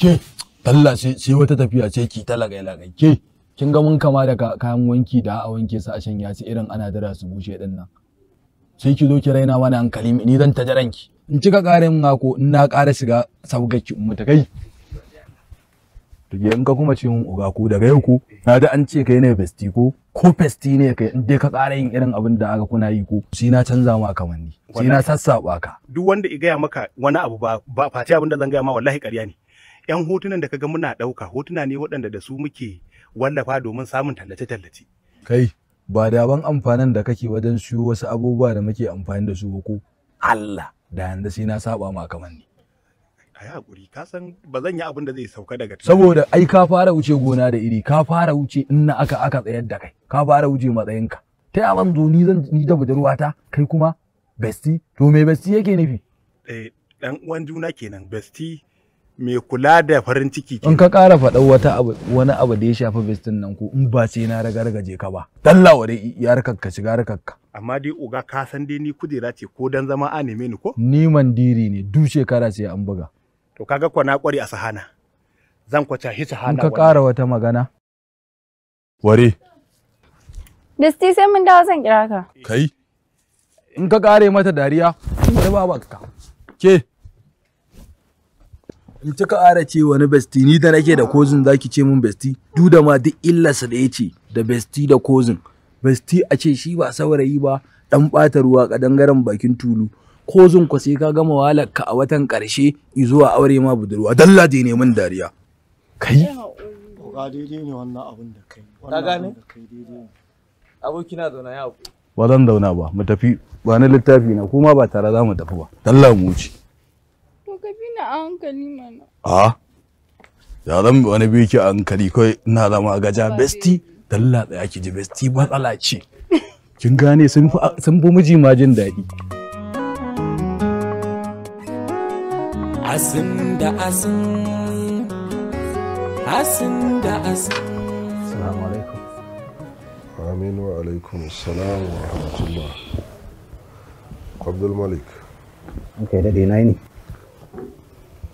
ke talla sai wata tafiya sai ki ta lagai lagai ke kin ga mun kama da kayan wanki da a wanke su a ya su irin ana dara su bushe din nan sai ki zo ki raina wani hankali ni zan ta ki in kika ƙara min hako in na ƙara shiga ki, in ta kai Rige in ka kuma ce mun uga ko daga yau ko na da an ce kai ne festi ko ko festi ne kai in dai ka kara yin irin abin da aka kuna yi ko sai na canza ma kamanni sai na sassaba ka duk wanda i gaya maka wani abu ba ba fati abin da zan gaya ma wallahi ƙarya ne 'yan hotunan da ka ga muna ɗauka hotuna ne waɗanda da su muke wallafa domin samun tallace-tallace. Kai, ba da ban amfanin da kake wajen siyo wasu abubuwa da muke amfani da su ba ko Allah da yanzu sai na saba ma kamar ni. A yi haƙuri, ka san ba zan yi abin da zai sauka daga Saboda ai ka fara wuce gona da iri, ka fara wuce in na aka aka tsayar da kai, ka fara wuce matsayinka. Ta yawan zo ni zan ni da budurwata kai kuma besti, to me besti yake nufi? Eh, dan uwan juna kenan, besti mai kula da farin ciki in ka ƙara faɗa wata abu wani abu da ya shafi bestin nan ko in ba sai na raga je ka ba dalla wa dai yarkar ka shiga harkar amma dai oga ka san dai ni kujera ce ko dan zama a neme ni ko ni mandiri ne du shekara sai an buga to kaga ko na kware a sahana zan kwata shi sahana in ka ƙara wata magana ware Disti sai mun dawo zan kira ka. Kai? In ka kare mata dariya, bari ba ka. Ke, in ci ƙara ce wani besti ni da nake da kozin zaki ce min besti duk da ma duk illarsa da ya ce da besti da kozin besti a ce shi ba saurayi ba dan ɓata ruwa kadangaren bakin tulu kozin ku sai ka gama wahalar ka a watan ƙarshe zuwa aure ma budurwa dalla ne mun dariya kai daidai ne wannan abin da kai ka gane zauna ya ba zan zauna ba mu tafi ba na littafi na kuma ba tare za mu tafi ba dalla mu wuce hankali mana. A? Ya zan wani biyu ki a hankali kawai ina zama gaja besti dalla tsaya ki ji besti matsala ce. Kin gane sun fi miji ma jin daɗi. Asin da asin, asin da asin. Assalamu alaikum. Aminu wa alaikum salam wa rahmatullah. Abdul Malik. Kai daɗe na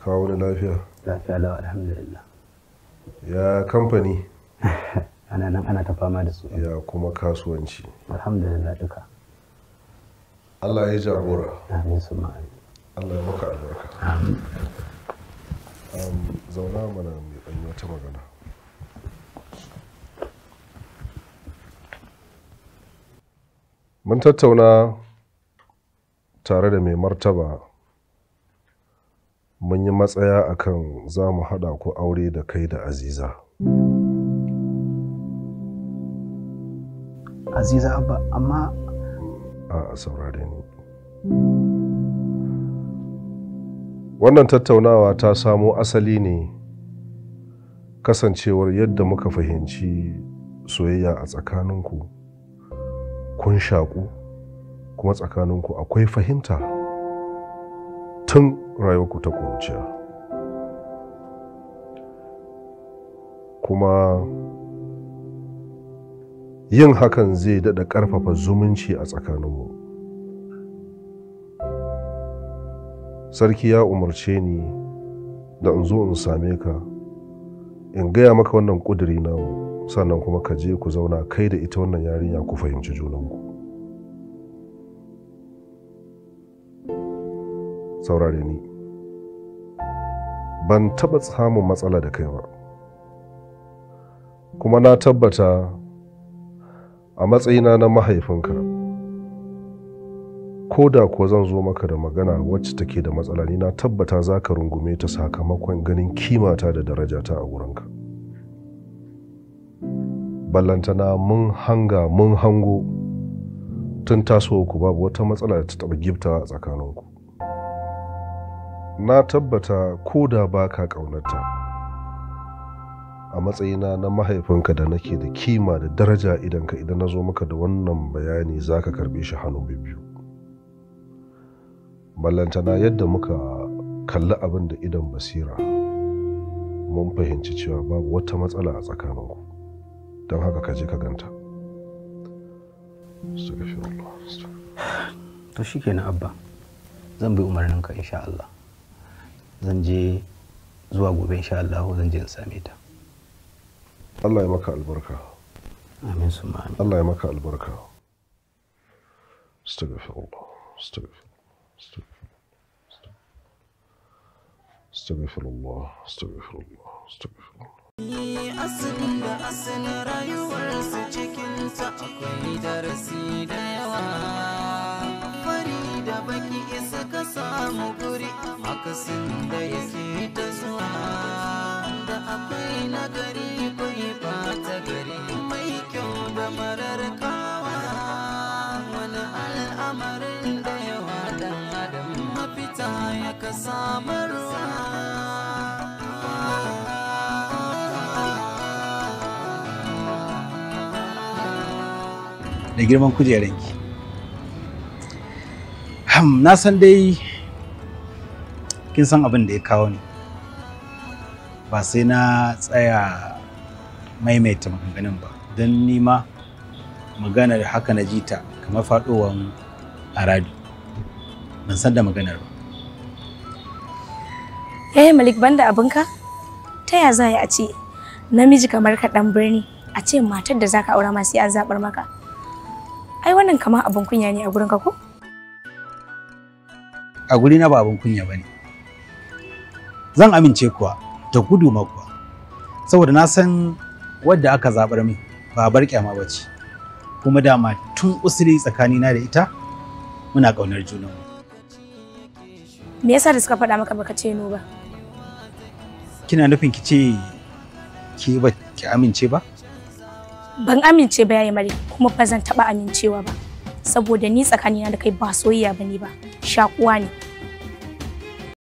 kawo da lafiya lafiya lawa alhamdulillah ya kamfani ana nan ana ta fama da su ya kuma kasuwanci alhamdulillah duka Allah ya jagora amin su Allah ya maka albarka amin zauna mana mai ɗan wata magana mun tattauna tare da mai martaba mun yi matsaya a kan za mu haɗa ku aure da kai da aziza aziza ba amma a saurare ni wannan tattaunawa ta samo asali ne kasancewar yadda muka fahimci soyayya a tsakaninku kun shaƙu kuma tsakaninku akwai fahimta tun rayuwarku ta kuruciya kuma yin hakan zai daɗa ƙarfafa zumunci a tsakaninmu sarki ya umarce ni da in zo in same ka in gaya maka wannan ƙuduri namu sannan kuma ka je ku zauna kai da ita wannan yarinya ku fahimci junanku saurare ni ban taɓa samun matsala da kai ba kuma na tabbata a matsayina na mahaifinka ko da kuwa zan zo maka da magana wacce take da matsala ni na tabbata za ka rungume ta sakamakon ganin kimata da darajata a wurinka ballantana mun hanga mun hango tun taso ku babu wata matsala da ta taɓa gifta a tsakaninku na tabbata ko da ba ka kaunata a matsayina na mahaifinka da nake da kima da daraja idan ka idan na zo maka da wannan bayani za ka karbe shi hannu biyu ballantana yadda muka kalli abin da idan basira mun fahimci cewa babu wata matsala a tsakaninku don haka ka je ka ganta to shi kenan abba zan bi umarninka insha Allah zan je zuwa gobe insha Allah zan je in same ta Allah ya maka albarka amin su amin Allah ya maka albarka astaghfirullah astaghfirullah astaghfirullah astaghfirullah astaghfirullah asalin da asalin cikin cikinsa akwai darasi da yawa lokacin da yake ta zuwa da akwai nagari kwai ta gari mai kyau da marar kawa wani al'amarin da yawa dan adam mafita ya ka samarwa da girman kujeranki na san dai kin san abin da ya kawo ni ba sai na tsaya maimaita maganganun ba don nima maganar haka na ji ta kamar fadowan aradu ban san da maganar ba eh malik banda abinka ta ya za a ce namiji kamar ka dan birni a ce matar da zaka aura ma sai an zabar maka ai wannan kamar abin kunya ne a gurin ko a guri na ba abin kunya bane zan amince kuwa da gudu ma kuwa saboda na san wadda aka zabar min ba bar kyama ba ce kuma dama tun usuri tsakanina da ita muna ƙaunar juna me yasa da suka faɗa maka baka ce no ba kina nufin ki ce ki ba ki amince ba ban amince ba yayi mare kuma ba zan taɓa amincewa ba saboda ni tsakanina da kai ba soyayya ba bane ba shakuwa ne